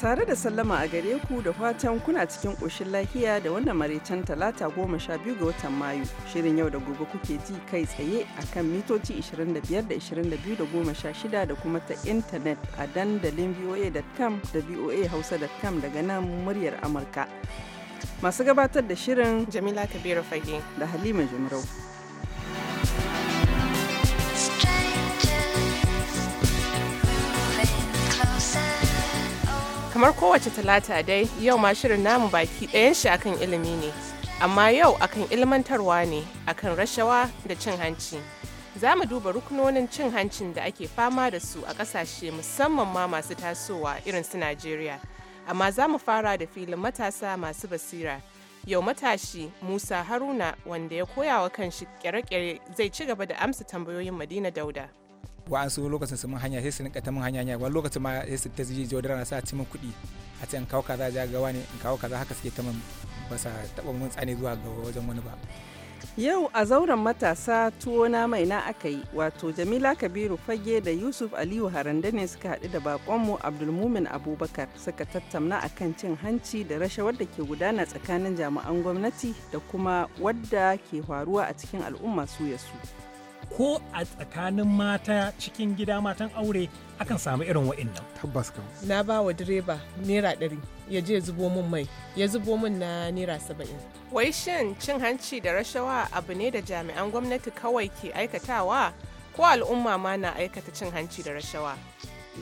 Tare da sallama a gare ku da fatan kuna cikin ƙoshin lafiya da wannan maraicen talata goma sha biyu ga watan Mayu. Shirin yau da gobe kuke ji kai tsaye a kan mitoci 25 da 22 da goma sha shida da kuma ta intanet a dandalin voa.com da voahausa.com daga nan muryar Amurka. Masu gabatar da shirin Jamila Kabiru Fage da Halima Jumrau. kamar kowace talata dai yau ma shirin namu baki ɗayan shi akan ilimi ne amma yau akan ilmantarwa ne akan rashawa da cin hanci za mu duba rukunonin cin hancin da ake fama da su a ƙasashe musamman ma masu tasowa irin su najeriya amma za mu fara da filin matasa masu basira yau matashi musa haruna wanda ya koya wa kanshi kere-kere zai ci gaba da amsa tambayoyin madina dauda wa'ansu lokacin su mun hanya sai su nika ta mun hanya hanya wani lokacin ma sai su ta ji jodara na sa ci mun kuɗi a ce in kawo kaza ja ga wani in kawo kaza haka suke ta mun ba sa taɓa mun tsane zuwa ga wajen wani ba. Yau a zauren matasa tuwo na mai na aka yi wato Jamila Kabiru Fage da Yusuf Aliyu Harande ne suka haɗu da bakonmu Abdulmumin Abubakar suka tattauna kan cin hanci da rashawar da ke gudana tsakanin jami'an gwamnati da kuma wadda ke faruwa a cikin al'umma su ya su. ko a tsakanin mata cikin gida matan aure akan samu irin wa'innan. Tabbas kan. Na ba wa direba naira ɗari ya je zubo min mai ya zubo min na naira saba'in. Wai shin cin hanci da rashawa abu ne da jami'an gwamnati kawai ke aikatawa ko al'umma ma na aikata cin hanci da rashawa?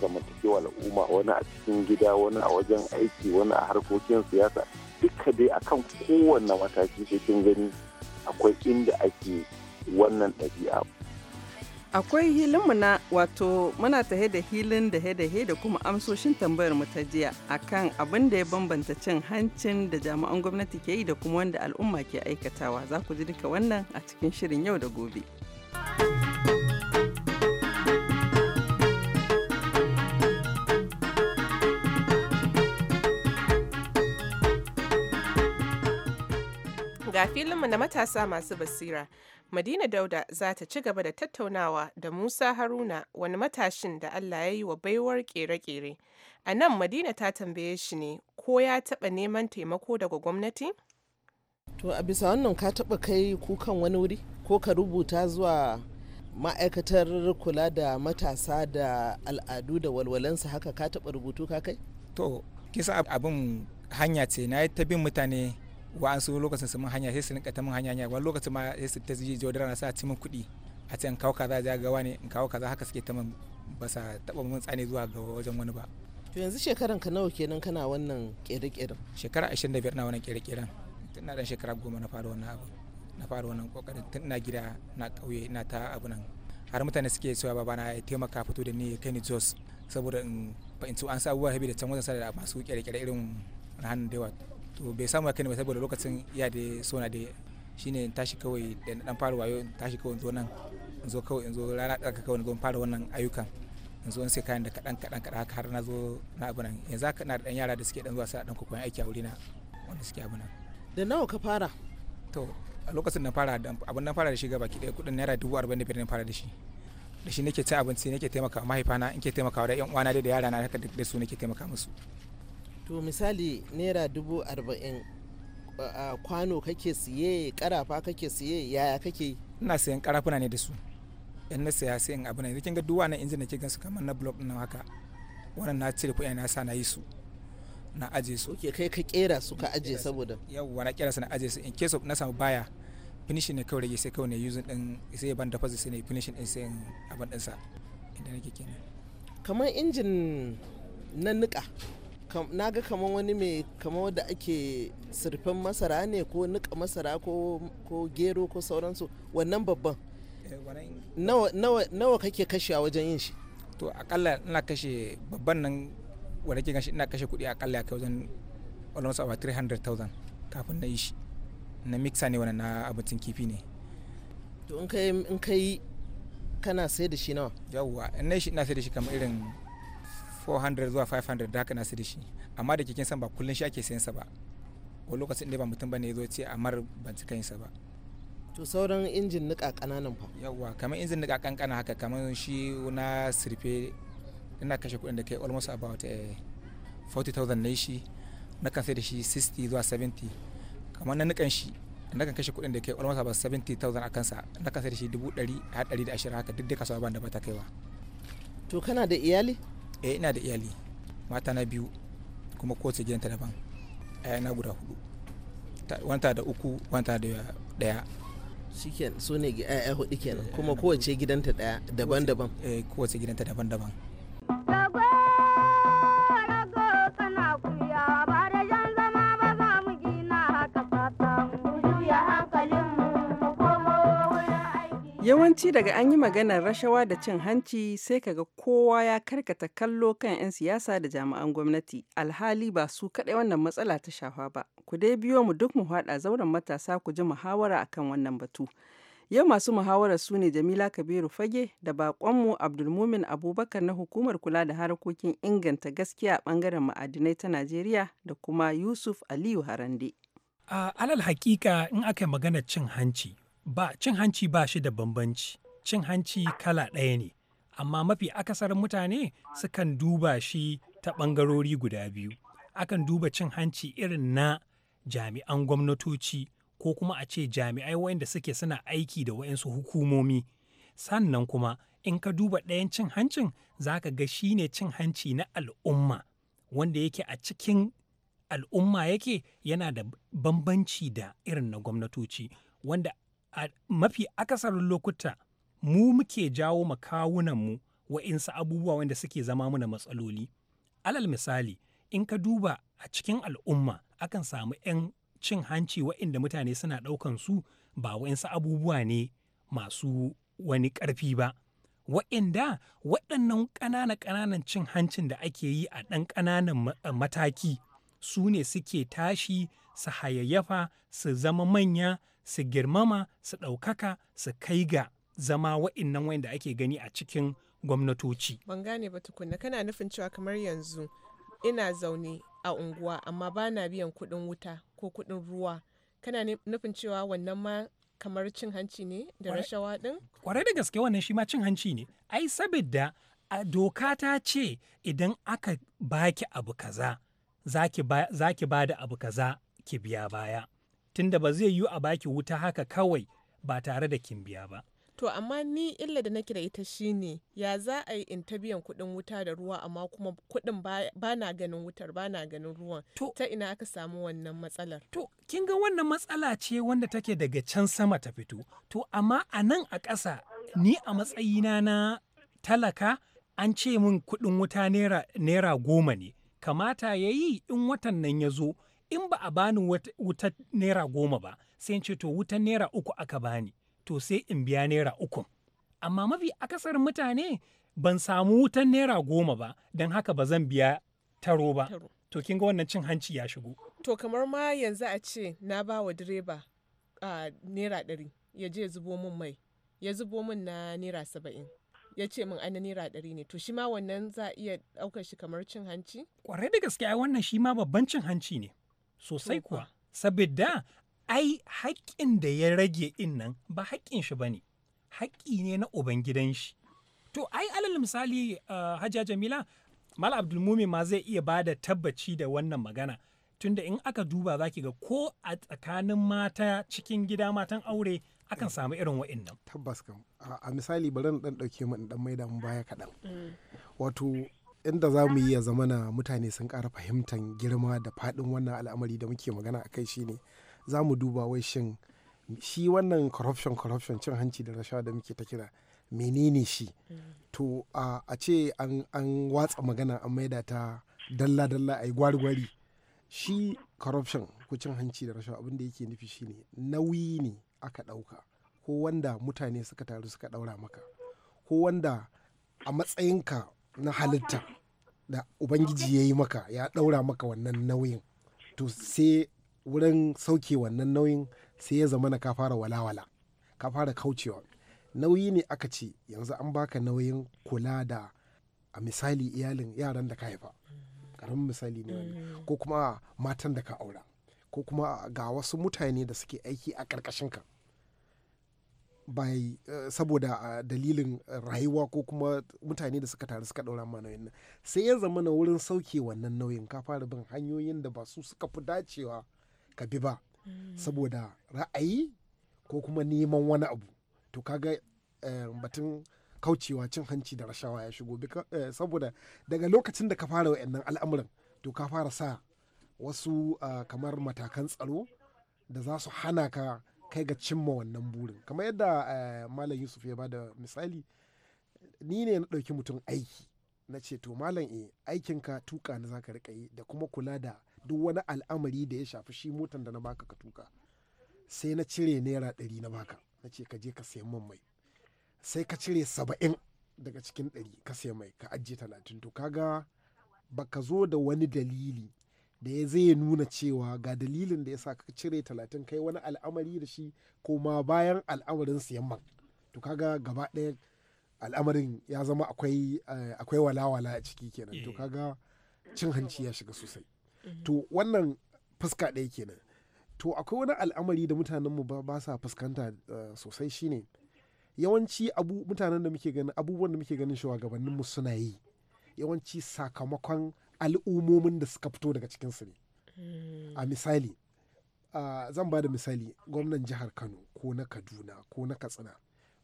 zamantakewa al'umma wani a cikin gida wani a wajen aiki wani a harkokin siyasa duka dai akan kowanne mataki sai kin gani akwai inda ake wannan ɗabi'a akwai mu na wato muna tahe da hilin da he da he da kuma amsoshin tambayar mu ta jiya akan abin da ya bambanta cin hancin da jami'an gwamnati ke yi da kuma wanda al'umma ke aikatawa za ku ji duka wannan a cikin shirin yau da gobe. filinmu na matasa masu basira, Madina Dauda za ta ci gaba da tattaunawa da Musa Haruna wani matashin da Allah ya yi wa baiwar kere-kere. A nan Madina ta tambaye shi ne ko ya taɓa neman taimako daga gwamnati? To a bisa wannan ka taɓa kai kukan wani wuri ko ka rubuta zuwa ma'aikatar kula da matasa da al'adu da walwalansa haka ka taɓa rubutu ka kai? To kisa abin hanya ce na ta bin mutane so lokacin su mun hanya sai su rinka ta mun hanya hanya wani lokacin ma sai su ta ji jodara na sa ci mun kuɗi a ce in kawo kaza ja gawa ne in kawo kaza haka suke ta mun ba sa taɓa mun tsane zuwa ga wajen wani ba. to yanzu shekaran ka nawa kenan kana wannan ƙere-ƙeren. shekara ashirin da biyar na wannan ƙere-ƙeren tun na ɗan shekara goma na fara wannan abu na fara wannan ƙoƙarin tun na gida na ƙauye na ta abu nan har mutane suke cewa babana ya taimaka fito da ni ya kai ni jos saboda in fahimci an sa abubuwa da can wajen sa da masu ƙere-ƙere irin hannun da to bai samu kai ne mai saboda lokacin ya da sona da shine in tashi kawai da dan fara wayo tashi kawai in zo nan in zo kawai in zo rana ɗaga kawai in zo fara wannan ayyukan in zo in sai kayan da kaɗan kaɗan kaɗan haka har na zo na abu nan yanzu haka na da ɗan yara da suke ɗan zuwa sa ɗan kokon aiki a wuri na wanda suke abu nan. da nawa ka fara. to a lokacin na fara abin na fara da shi gaba ki ɗaya kuɗin naira dubu arba'in da biyar na fara da shi da shi nake cin abinci nake taimaka mahaifana in ke taimaka da yan uwana da yara na haka da su nake taimaka musu. to misali naira dubu arba'in kwano kake siye karafa kake siye yaya kake ina sayan karafuna ne da su yan na saya sai in abu ne kin ga duk wannan injin da ke su kamar na blog na haka wannan na cire kuɗi na sa na yi su na aje su ke kai ka kera su ka aje saboda yawwa na kera su na aje su in case na samu baya finishin ne kawai rage sai kawai ne using din sai ban da sai ne finishin din sai abin din sa inda nake kenan kamar injin na nika na ga kamar wani mai kamar wadda ake surfin masara ne ko nika masara ko gero ko sauransu wannan babban eh, nawa kake kashe a wajen yin shi to akalla ina kashe babban nan wadda ke gashi ina kashe kuɗi akalla ya kai wajen almost about 300,000 kafin na yi shi na mixa ne wannan na abincin kifi ne to in kai kana sai da shi nawa yawwa in na shi ina sai da shi kamar irin 400 zuwa 500 da haka na da shi amma da kikin san ba kullun shi ake sayan sa ba ko lokacin da ba mutum bane yazo ce amar ban ci kansa ba to sauran injin nika kananan fa yawa kamar injin nika kankana haka kamar shi na sirfe ina kashe kuɗin da kai almost about 40,000 eh, na shi na kan sai da shi 60 zuwa 70 kamar na nikan shi na kan kashe kuɗin da kai almost about 70,000 a kansa na kan sai da shi 100,000 a 120 haka duk da kasuwa ban da ba ta kaiwa to kana da iyali eh ina da iyali mata na biyu kuma kowace gidanta daban na guda hudu wanta da uku wanta da daya shiken su ne ga 'ya'ya hudu kenan kuma kowace gidanta daya daban-daban eh kowace gidanta daban-daban Yawanci daga an yi maganar rashawa da cin hanci sai kaga kowa ya karkata kallo kan 'yan siyasa da jami'an gwamnati alhali ba su kaɗai wannan matsala ta shafa ba. Ku dai biyo mu duk mu haɗa zauren matasa ku ji muhawara akan wannan batu. Yau masu muhawarar su ne Jamila Kabiru Fage da bakonmu Abdulmumin Abubakar na hukumar kula da harkokin inganta gaskiya a bangaren ma'adinai ta Najeriya da kuma Yusuf Aliyu Harande. a alal hakika in aka yi maganar cin hanci Ba cin hanci ba shi da bambanci, cin hanci kala ɗaya ne, amma mafi akasarin mutane sukan duba shi ta ɓangarori guda biyu. Akan duba cin hanci irin na jami'an gwamnatoci ko kuma a ce jami'ai waɗanda suke suna aiki da waɗansu hukumomi. Sannan kuma in ka duba ɗayan cin hancin za ka ga shi ne cin hanci na al'umma wanda yake a cikin al'umma yake yana da bambanci da irin na gwamnatoci wanda a mafi akasarin lokuta mu muke jawo makawunanmu wa'insu abubuwa wanda suke zama muna matsaloli alal misali in ka duba a cikin al'umma akan samu 'yan cin hanci wa'inda mutane suna ɗaukan su ba wa'insu abubuwa ne masu wani ƙarfi ba wa'inda waɗannan ƙanana-ƙananan cin hancin da ake yi a ɗan ƙananan mataki su ne suke tashi su hayayyafa su zama manya su girmama su ɗaukaka su kai ga zama wa'innan wanda ake gani a cikin gwamnatoci. Ban gane ba tukunna kana nufin cewa kamar yanzu ina zaune a unguwa amma ba na biyan kuɗin wuta ko kuɗin ruwa kana nufin cewa wannan ma kamar cin hanci ne da rashawa ɗin? Kwarai da gaske wannan shi ma cin hanci ne. Ai sabida a doka ta ce idan aka baki abu kaza za ki ba da abu kaza ki biya baya. tunda ba zai yiwu a baki wuta haka kawai ba tare da kin biya ba. To amma ni illa da nake da ita shine ya za a yi in ta biyan kuɗin wuta da ruwa amma kuma kuɗin ba na ganin wutar ba na ganin ruwan. ta ina aka samu wannan matsalar. To kin ga wannan matsala ce wanda take daga can sama ta fito. To amma a nan a ƙasa ni a matsayina na talaka an ce min kuɗin wuta naira goma ne. Kamata ya yi in watan nan ya zo in ba a bani wutar naira goma ba sai in ce to wutar naira uku aka bani to sai in biya naira uku amma mafi akasarin mutane ban samu wutar naira goma ba don haka ba zan biya taro ba to kin wannan cin hanci ya shigo to kamar ma yanzu a ce na ba wa direba naira ɗari ya je zubo min mai ya zubo min na naira saba'in ya ce min ana naira ɗari ne to shi ma wannan za a iya ɗaukar shi kamar cin hanci? Kwarai da gaske ai wannan shi ma babban cin hanci ne. sosai kuwa saboda ai haƙƙin da ya rage in nan ba haƙƙin shi ba ne haƙƙi ne na ubangidan shi to ai alal misali hajja eh, Hajiya Jamila Mal Abdulmumi ma zai iya ba da tabbaci da wannan magana tunda in aka duba zaki ga ko a tsakanin mata cikin gida matan aure akan samu irin wa'innan tabbas kan a misali bari na dan dauke mu dan maida mu baya kaɗan mm. wato inda za mu yi ya zama na mutane sun kara fahimtar girma da faɗin wannan al'amari da muke magana a kai shine za mu duba wai shin shi wannan corruption corruption cin hanci da rashawa da muke ta kira menene shi to a ce an watsa magana an maida ta dalla-dalla a yi gwari-gwari shi corruption ko cin hanci da rashawa abinda yake nufi shine nauyi ne aka ɗauka ko wanda mutane suka taru suka ɗaura maka ko wanda a matsayinka na halitta da ubangiji ya yi maka ya ɗaura maka wannan nauyin to sai wurin sauke wannan nauyin sai ya zama na ka fara walawala ka fara kaucewa nauyi ne aka ce yanzu an baka nauyin kula da a misali iyalin yaran da ka haifa karamin misali ne mm-hmm. ko kuma matan da ka aura ko kuma ga wasu mutane da suke aiki a ƙarƙashin ka Bai eh, saboda eh, dalilin rayuwa ko kuma mutane da suka taru suka ɗaura ma nauyin nan sai ya zama na wurin sauke wannan nauyin ka fara bin hanyoyin da ba su suka fi dacewa ka bi ba mm. saboda ra'ayi ko kuma neman wani abu to kaga eh, batun kaucewa cin hanci da rashawa ya shigo saboda daga lokacin da ka fara wa'annan al'amuran to ka fara sa wasu kamar matakan tsaro da za su hana ka kai ga cimma wannan burin kamar yadda eh, malam yusuf ya bada misali ni ne na ɗauki mutum aiki na ce to malam e aikinka tuka na zaka rika yi da kuma kula da duk wani al'amari da ya shafi shi motan da na baka ka tuka sai na cire naira ɗari na baka na ce ka je ka sayi man mai sai ka cire saba'in daga cikin ɗari ka sayi mai ka ajiye talatin to kaga baka zo da wani dalili da ya zai nuna cewa ga dalilin da ya sa ka cire talatin kai wani al'amari da shi ko ma bayan al'amarin siyamman to kaga gaba ɗaya al'amarin ya zama akwai eh, walawala a ciki kenan to eh. kaga cin hanci ya shiga sosai mm-hmm. to wannan fuska ɗaya kenan to akwai wani al'amari da mutanenmu ba sa fuskanta eh, sosai shine yawanci abu mutanen da muke ganin abubuwan da muke ganin mu suna yi yawanci sakamakon al'ummomin da suka fito daga cikinsu ne hmm. a misali zan ba da misali gwamnan jihar kano ko na kaduna ko na katsina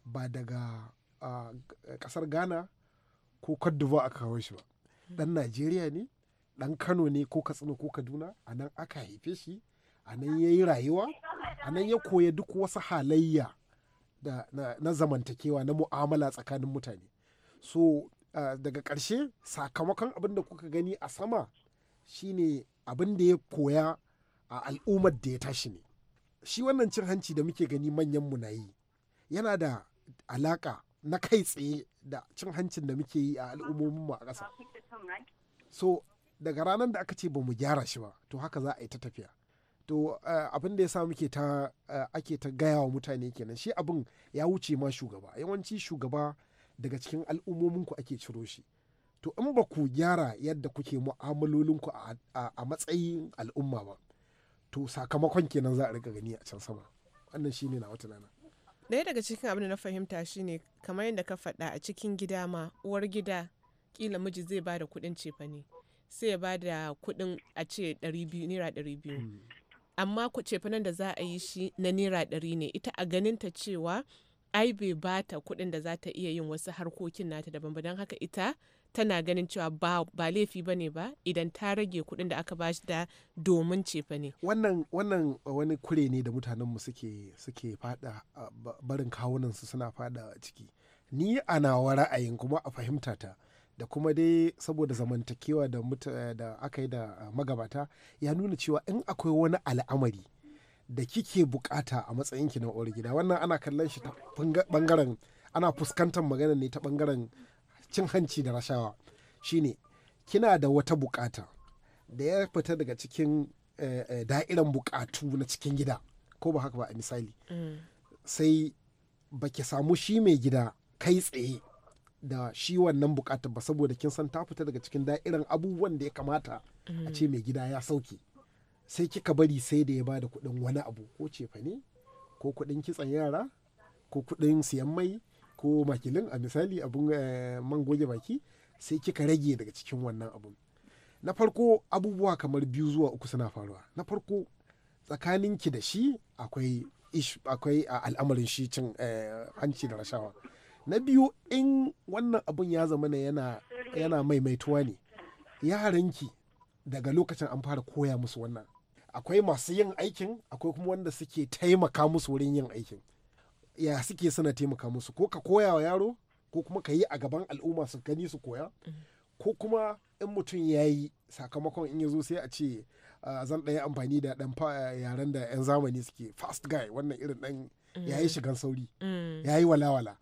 ba daga kasar ghana ko d'Ivoire a kawo shi ba dan hmm. najeriya ne dan kano ne ko katsina ko kaduna a nan aka haife shi a nan ya yi rayuwa a nan ya koya duk wasu halayya da na zamantakewa na mu'amala tsakanin mutane so Eh, daga ƙarshe sakamakon abin da kuka gani a sama shine abin da ya koya a al'ummar da ya tashi ne shi wannan cin hanci da muke gani manyan mu na yi yana da alaka na kai tsaye da cin hancin da muke yi a al'ummomin mu a ƙasa so daga ranar da aka ce ba mu gyara shi ba to haka za a yi ta tafiya to eh, abin da ya sa muke ta eh, ake ta gaya wa mutane kenan shi abin ya wuce ma shugaba yawanci shugaba daga cikin al'ummominku ake ciro shi to in ba ku gyara yadda kuke mu'amalolinku a matsayin al'umma ba to sakamakon kenan za a rika gani a can sama wannan shine na wata nana ɗaya daga cikin abin da na fahimta shine kamar yadda ka faɗa a cikin gida ma uwar gida kila miji zai bada kuɗin cefane sai ya bada kuɗin a ce naira ɗari biyu hmm. amma cefanen da za a yi shi na naira ɗari ne ita a ganin ta cewa ai bai ba ta kuɗin da za ta iya yin wasu harkokin nata daban ba don haka ita tana ganin cewa ba, laifi ba ne ba idan ta rage kuɗin da aka ba shi da domin cefa ne. Wannan uh, wani kure ne da mutanenmu suke suke fada uh, barin kawunansu suna fada ciki. Ni a nawa ra'ayin kuma a fahimta ta da kuma dai saboda zamantakewa da aka yi da uh, magabata ya nuna cewa in akwai wani al'amari da kike bukata a matsayin ki na uwar gida wannan ana kallon shi ta bangaren ana fuskantar magana ne ta bangaren cin hanci da rashawa shine kina da wata bukata da ya fita daga cikin eh, eh, da'iran bukatu na cikin gida ko ba haka ba a misali mm. sai ba ki samu shi mai gida kai tsaye da shi wannan bukatar ba saboda kin san ta fita daga cikin da'iran abubuwan da ya kamata a mm. ce mai gida ya sauke sai kika bari sai da ya bada kuɗin wani abu ko cefane ko kuɗin kitsan yara ko kuɗin siyan mai ko makilin a misali abun eh, man goge baki sai kika rage daga cikin wannan abun na farko abubuwa kamar biyu zuwa uku suna faruwa na farko tsakanin ki da shi akwai akwai al'amarin shi cin eh, hanci da rashawa na biyu in wannan abun ya zama na yana yana maimaituwa ne ki daga lokacin an fara koya musu wannan akwai masu yin aikin akwai kuma wanda suke taimaka musu wurin yin aikin ya suke suna taimaka musu ko ka koya wa yaro ko kuma ka yi a gaban al'umma su gani su koya mm-hmm. ko kuma in mutum ya yi sakamakon in ya zo sai a ce ah, zan ɗaya amfani da ɗan yaren da 'yan zamani suke fast guy wannan irin ɗan mm. ya yi shigan sauri mm. ya yi walawala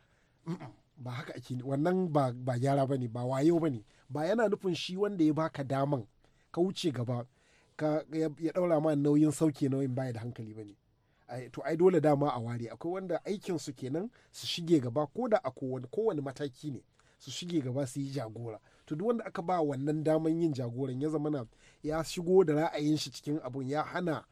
ba haka ake wannan ba gyara ba ne ba wayo ba ne ba yana nufin shi wanda ya baka daman ka wuce gaba ya daura ma nauyin sauke nauyin baya da hankali bane to ai dole dama a ware akwai wanda aikin su kenan su shige gaba ko da a kowane mataki ne su shige gaba su yi jagora to duk wanda aka ba wannan daman yin jagoran ya zama na ya shigo da ra'ayin shi cikin abun ya hana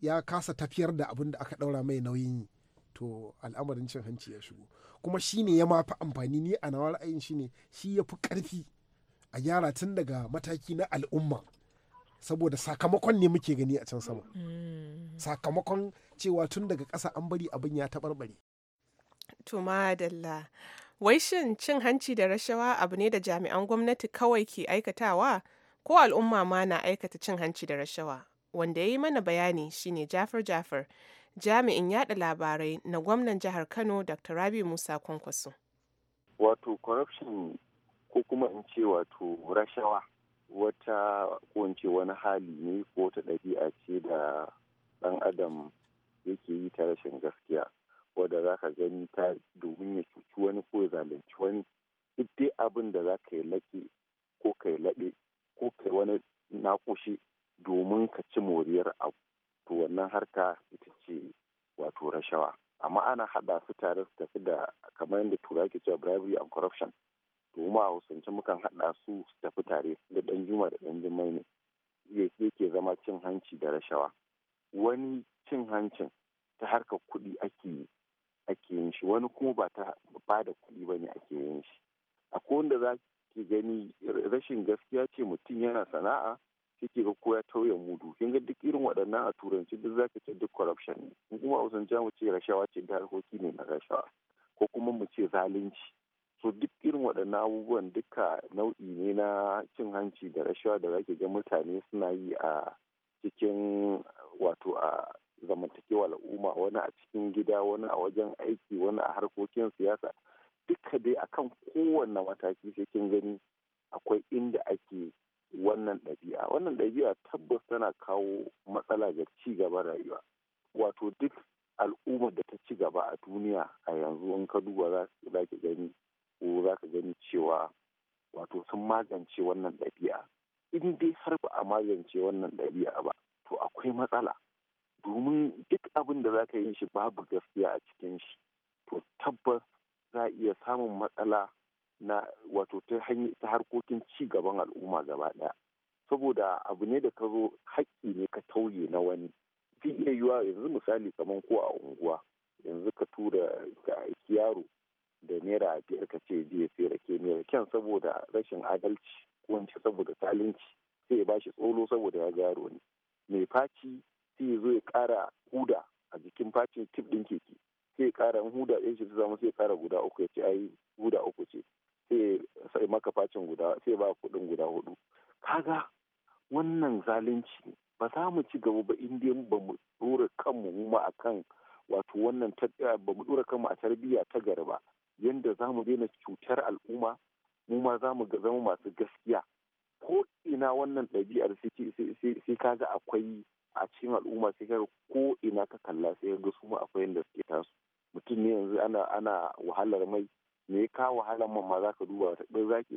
ya kasa tafiyar da abun da aka daura mai nauyin to al'amarin cin hanci ya shigo kuma shine ya ma amfani ni a nawa ra'ayin shi ne shi ya fi karfi a gyara tun daga mataki na al'umma saboda sakamakon ne muke gani a can sama mm. sakamakon cewa tun daga ƙasa an bari abin ya taɓarɓare Tuma wai shin cin hanci da rashawa abu ne da jami'an gwamnati kawai ke aikatawa ko al'umma ma na aikata cin hanci da rashawa wanda ya yi mana bayani shine jafar jafar jami'in yada labarai na gwamnan jihar kano dr rabi musa kwankwaso wato corruption ko kuma in ce wato rashawa wata kunce wani hali ne ko ta ɗabi'a ce da ɗan adam yake yi ta rashin gaskiya wadda za ka gani ta domin ya cuci wani ko ya zalunci wani duk dai abin da za ka yi laƙi cikin wato a zamantakewa al'umma wani a cikin gida wani a wajen aiki wani a harkokin siyasa duka dai kan kowanne mataki sai kin gani akwai inda ake wannan ɗabi'a wannan ɗabi'a tabbas tana kawo matsala ga ci gaba rayuwa wato duk al'ummar da ta ci gaba a duniya a yanzu in ka duba za gani ko za ka gani cewa wato sun magance wannan ɗabi'a in dai har ba a magance wannan ɗabi'a ba to akwai matsala domin duk abin da za ka yi shi babu gaskiya a cikin shi to tabbas za a iya samun matsala na wato ta harkokin ci gaban al'umma gaba ɗaya saboda abu ne da ka zo haƙƙi ne ka tauye na wani zai iya yiwuwa yanzu misali kamar ko a unguwa yanzu ka tura ga aiki yaro da naira biyar ka ce je sai rake naira kyan saboda rashin adalci ko saboda zalunci sai ya bashi tsolo saboda ya ga yaro ne mai faci sai ya zo ya ƙara huda a jikin facin tif ɗin keke sai ya ƙara huda ɗin shi ta zama sai ya ƙara guda uku ya ce ai huda uku ce sai ya maka facin guda sai ba kuɗin guda hudu kaga wannan zalunci ne ba za mu ci gaba ba in dai ba mu ɗora kanmu mu ma akan wato wannan eh, ba mu ɗora kanmu a tarbiyya ta gari ba yanda za mu daina cutar al'umma mu ma za mu zama masu gaskiya ko ina wannan ɗabi'ar sai ka ga akwai a cikin al'umma sai ka ko ina ka kalla sai ga su ma akwai yadda suke tasu mutum ne yanzu ana ana wahalar mai me ka wahalar man ma za ka duba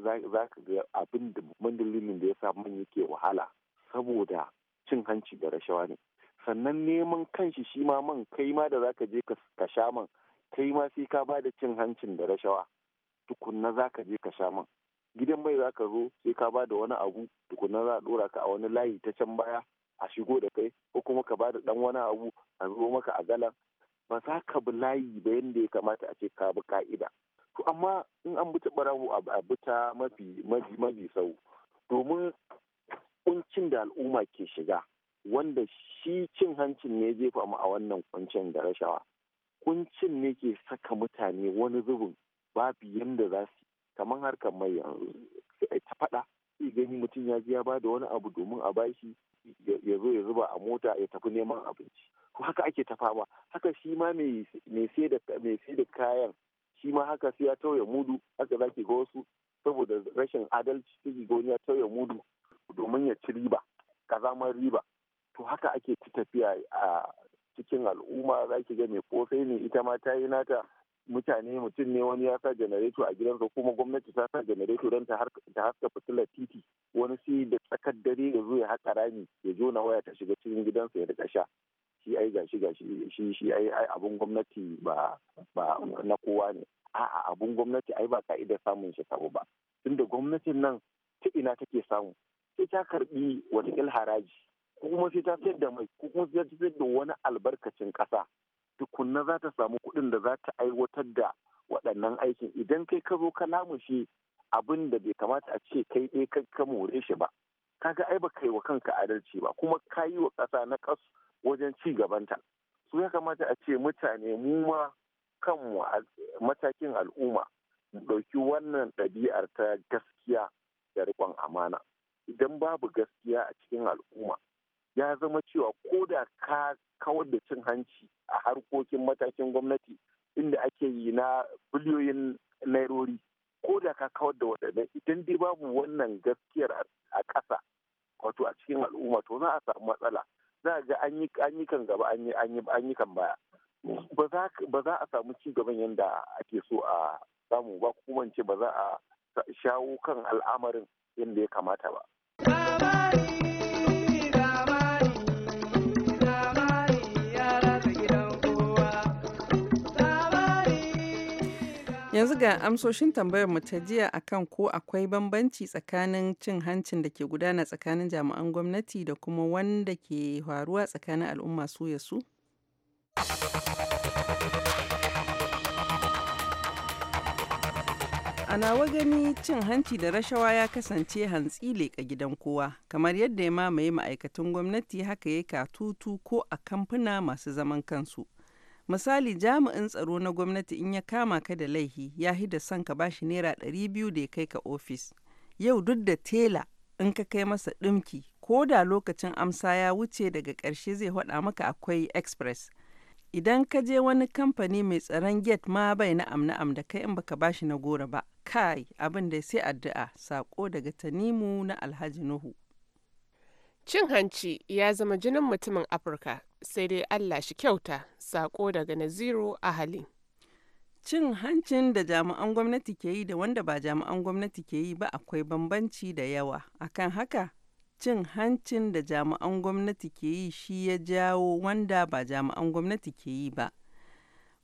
za ka ga abin da mandalilin da ya sa man yake wahala saboda cin hanci da rashawa ne sannan neman kanshi shi ma man kai ma da za ka je ka sha man kai ma sai ka ba da cin hancin da rashawa tukunna za ka je ka sha man gidan mai za ka zo sai ka ba da wani abu tukuna za a dora ka a wani layi ta can baya a shigo da kai ko kuma ka ba da dan wani abu a zo maka a galan ba za ka bi layi ba yadda ya kamata a ce ka bi ka'ida to amma in an bi ta barawo a bi ta mafi mafi mafi sau domin kuncin da al'umma ke shiga wanda shi cin hancin ne jefa mu a wannan kuncin da rashawa kuncin ne ke saka mutane wani zubin babu yadda za su kamar harkar mai yanzu sai ta faɗa sai gani mutum ya je ya ba da wani abu domin a bashi ya zo ya zuba a mota ya tafi neman abinci ko haka ake ta fama haka shi ma mai sai da kayan shi ma haka sai ya tauye mudu haka zaki ga wasu saboda rashin adalci sai ga wani ya tauye mudu domin ya ci riba kazamar riba to haka ake ta tafiya a cikin al'umma zaki ga mai kosai ne ita ma ta yi nata mutane mutum ne wani ya sa janareto a gidansa kuma gwamnati ta sa janareto don ta haska fitilar titi wani sai da tsakar dare ya zo ya haƙa rami ya na waya ta shiga cikin gidansa ya rika sha shi ai gashi gashi shi shi ai abun gwamnati ba ba na kowa ne a'a abun gwamnati ai ba ka'idar samun shi sabo ba tunda gwamnatin nan ta ina take samu sai ta karbi wata haraji ko kuma sai ta fiyar da mai ko kuma sai ta fiyar da wani albarkacin ƙasa tukunna za ta samu kuɗin da za ta aiwatar da waɗannan aikin idan kai ka zo ka lamushe abin da bai kamata a ce kai ɗaya ka ka more shi ba kaga ai baka yi wa kanka adalci ba kuma ka yi wa ƙasa na ƙas wajen ci gabanta su ya kamata a ce mutane mu ma kanmu a matakin al'umma mu ɗauki wannan ɗabi'ar ta gaskiya da riƙon amana idan babu gaskiya a cikin al'umma ya zama cewa ko da ka kawar da cin hanci a harkokin matakin gwamnati inda ake yi na biliyoyin nairori ko da ka kawar da waɗannan idan dai babu wannan gaskiyar a ƙasa wato a cikin al'umma to za a samu matsala za a ga an yi kan gaba an yi kan baya ba za a samu ci gaban yadda ake so a samu ba kuma ce ba za a shawo kan al'amarin yadda ya kamata ba. Yanzu ga amsoshin tambayar mu ta jiya akan ko akwai bambanci tsakanin cin hancin da ke gudana tsakanin jami'an gwamnati da kuma wanda ke faruwa tsakanin al'umma su ya su. A nawa gani cin hanci da rashawa ya kasance hantsi leƙa gidan kowa, kamar yadda ya mamaye ma'aikatan gwamnati haka ya katutu ko a kamfuna masu zaman kansu. misali jami'in tsaro na gwamnati in ya kama ka da laihi ya hi da son ka bashi naira ɗari biyu da ya kai ka ofis yau duk da tela in ka kai masa ɗumki ko da lokacin amsa ya wuce daga ƙarshe zai haɗa maka akwai express idan ka je wani kamfani mai tsaron get ma bai na'am na'am da kai in baka bashi na gora ba kai abin da sai addu'a sako daga tanimu na alhaji nuhu cin hanci ya zama jinin mutumin afirka sai dai Allah shi kyauta saƙo daga Naziru a hali. Cin hancin da jami'an gwamnati ke yi da wanda ba jami'an gwamnati ke yi ba akwai bambanci da yawa. Akan haka, cin hancin da jami'an gwamnati ke yi shi ya jawo wanda ba jami'an gwamnati ke yi ba.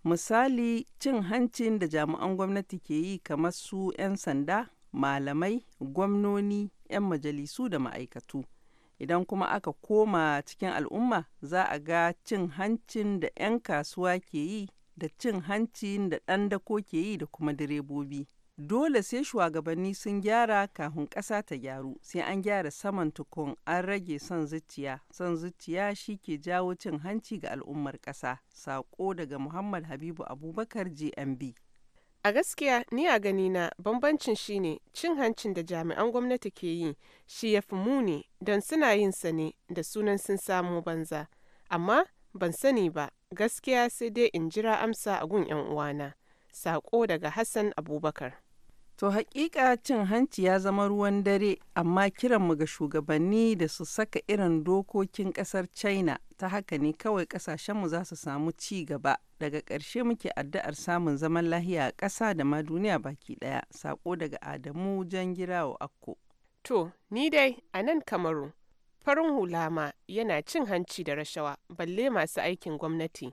Misali, cin hancin da jami'an gwamnati ke yi kamar su 'yan sanda, malamai, gwamnoni, 'yan majalisu da ma'aikatu. idan kuma aka koma cikin al'umma za a ga cin hancin da 'yan kasuwa ke yi da cin hancin da ɗan dako ke yi da kuma direbobi dole sai shugabanni sun gyara kafin ƙasa ta gyaru sai an gyara saman tukun an rage son zuciya son zuciya shi ke jawo cin hanci ga al'ummar ƙasa saƙo daga muhammad habibu abubakar gmb A gaskiya ni a ganina bambancin shine cin hancin da jami'an gwamnati ke yi shi ya fi muni don suna yin sa ne da sunan sun samo banza, amma ban sani ba gaskiya sai dai in jira amsa a gun 'yan uwana. Saƙo daga Hassan Abubakar To hakika cin hanci ya zama ruwan dare, amma kiranmu ga shugabanni da su saka irin dokokin kasar China ta haka ne kawai kasashenmu za su samu ci gaba. Daga ƙarshe muke addu'ar samun zaman lahiya a ƙasa da ma duniya baki ɗaya. Sako daga Adamu Jangirawo Akko. To, ni dai a nan Kamaru, farin hula ma yana cin hanci da rashawa, balle masu aikin gwamnati,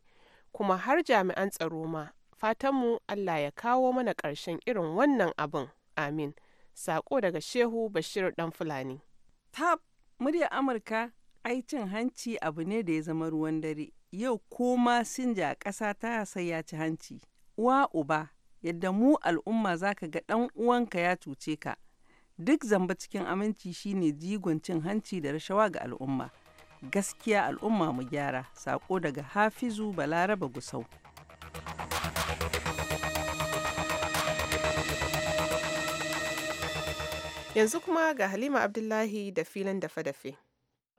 kuma har jami'an tsaro ma Fatanmu Allah ya kawo mana ƙarshen irin wannan abin, amin. Sako daga Shehu Bashir ɗan Fulani. Tab, murya Amurka, ai cin hanci abu ne da ya zama ruwan dare. Yau ko ja ƙasa ta sai ya ci hanci. Uwa uba, yadda mu al'umma za ka ga ɗan uwanka ya cuce ka. Duk zamba cikin aminci shine jigon cin hanci da rashawa ga al'umma. Gaskiya al'umma mu gyara, sako daga Hafizu Balaraba Gusau. Yanzu kuma ga Halima Abdullahi da filin dafe-dafe.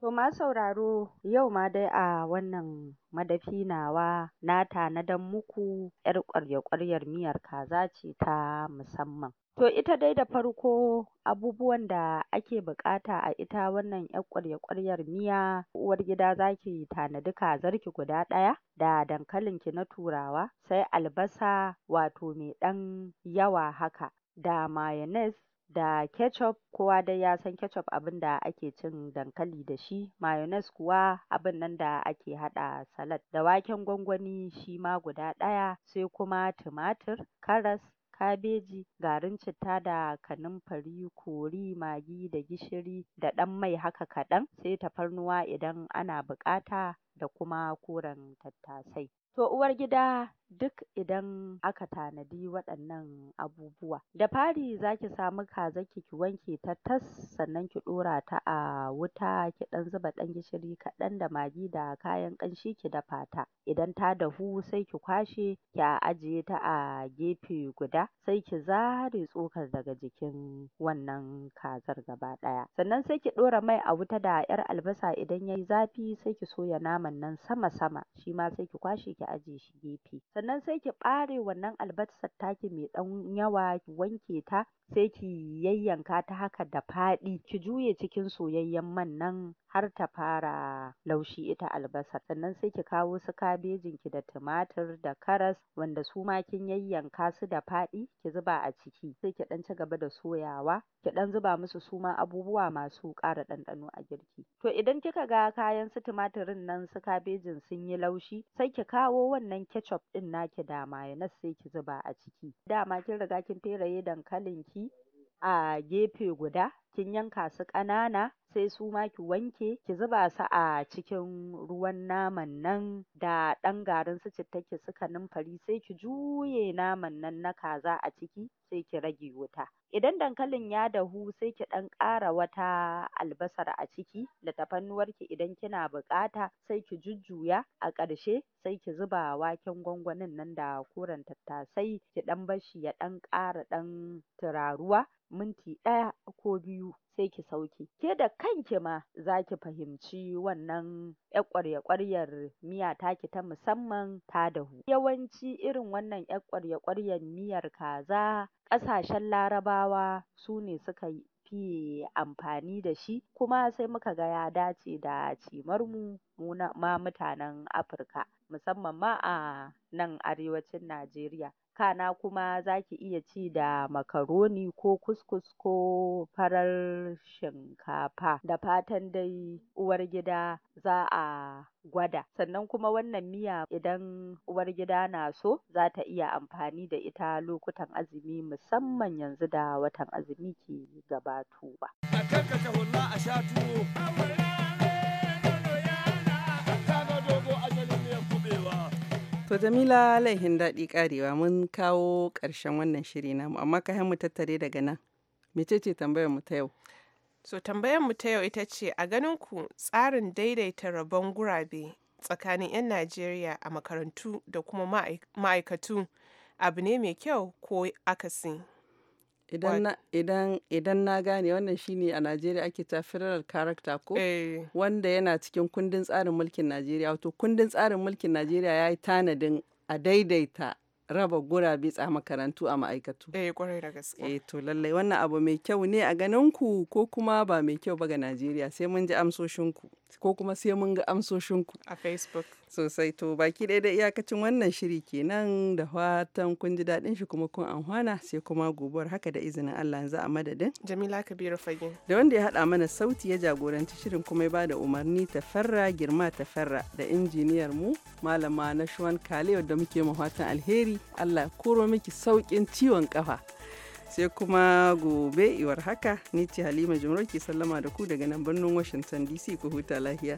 To ma sauraro yau ma dai a wannan madafi nawa na dan muku 'yar ƙwarya-ƙwaryar miyar kaza ce ta musamman. To ita dai da farko abubuwan da ake bukata a ita wannan 'yar ƙwarya-ƙwaryar miya gida za ki tanadi kazarki guda ɗaya da dankalinki na turawa sai albasa wato mai ɗan yawa haka da mayonnaise da ketchup kowa dai ya san ketchup da ake cin dankali da shi mayonnaise kuwa abun nan da ake haɗa salad da waken gwangwani shi ma guda ɗaya sai kuma tumatir, karas kabeji, garin citta da kanumfari kori, magi da gishiri da ɗan mai haka kaɗan sai tafarnuwa idan ana buƙata da kuma koren tattasai. To uwargida duk idan aka tanadi waɗannan abubuwa da fari za ki samu kaza ki ki wanke ta tas sannan ki ɗora ta a wuta ki ɗan zuba ɗan gishiri kaɗan da magi da kayan ƙanshi ki dafa ta idan ta dahu sai ki kwashe ki ajiye ta a gefe guda sai ki zare tsokar daga jikin wannan kazar gaba ɗaya sannan sai ki ɗora mai a wuta da ƴar albasa idan yayi zafi sai ki soya naman nan sama sama shima sai ki kwashe ki ajiye shi gefe sannan sai ki ɓare wannan albasar taki mai ɗan yawa ki wanke ta sai ki yayyanka ta haka da faɗi ki juye cikin soyayyen man nan har ta fara laushi ita albasar sannan sai ki kawo su kabejin ki da tumatir da karas wanda suma kin yayyanka su da faɗi ki zuba a ciki sai ki ɗan gaba da soyawa ki ɗan zuba musu suma abubuwa masu ƙara ɗanɗano a girki to idan kika ga kayan su tumatirin nan su kabejin sun yi laushi sai ki kawo wannan ketchup ɗin naki da mayonnaise sai ki zuba a ciki dama kin riga kin feraye dankalin ki a gefe guda kin yanka su ƙanana sai su ma ki wanke ki zuba su a cikin ruwan naman nan da ɗan garin su citta ki suka numfari, sai ki juye naman nan na kaza a ciki sai ki rage wuta idan dankalin ya dahu sai ki ɗan ƙara wata albasar a ciki da tafarnuwar ki idan kina buƙata sai ki jujjuya a ƙarshe sai ki zuba waken gwangwanin nan da koren tattasai ki ɗan bashi ya ɗan ƙara ɗan turaruwa minti ɗaya ko biyu sai ki sauke ke da kanki ma za ki fahimci wannan yar ƙwarya-ƙwaryar miya ta ki ta musamman ta dahu yawanci irin wannan ƴar ƙwaryar miyar kaza ƙasashen larabawa su ne suka fi amfani da shi kuma sai muka ga ya dace da cimarmu mu mu ma mutanen Afirka musamman ma a nan arewacin Najeriya kana kuma zaki iya ci da makaroni ko kuskus ko farar shinkafa da fatan dai uwargida a gwada sannan kuma wannan miya idan uwargida na so za ta iya amfani da ita lokutan azumi musamman yanzu da watan azumi ke gabatowa To Jamila laihin daɗi karewa mun kawo ƙarshen wannan shiri na amma ka mu tattare daga nan. ce tambayar mu ta yau? So tambayar mu ta yau ita ce a ganin ku tsarin daidaita rabon gurabe tsakanin 'yan Najeriya a makarantu da kuma ma'aikatu abu ne mai kyau ko akasi. Idan na, gane wannan shine a Najeriya ake ta federal character ko? Eh. Wanda yana cikin kundin tsarin mulkin Najeriya. Wato kundin tsarin mulkin Najeriya ya yi tanadin a daidaita raba gurabe a makarantu a ma'aikatu. Eh kwarai da gaske. Eh to lallai wannan abu mai kyau ne a ganin ku ko kuma ba mai kyau ba ga Najeriya sai mun ji amsoshin ku ko kuma sai mun ga amsoshin ku a Facebook. Sosai to baki ɗaya da iyakacin wannan shiri kenan da fatan kun ji daɗin shi kuma kun anhwana sai kuma gobuwar haka da izinin Allah yanzu a madadin. Jamila Kabiru Fage. Da wanda ya haɗa mana sauti ya jagoranci shirin kuma ya bada umarni ta farra girma ta farra da injiniyar mu malama na Shuan Kale da muke mu fatan alheri Allah koro miki saukin ciwon kafa sai kuma gobe iwar haka ni ce halima jimroki sallama da ku daga nan birnin washington dc ku huta lahiya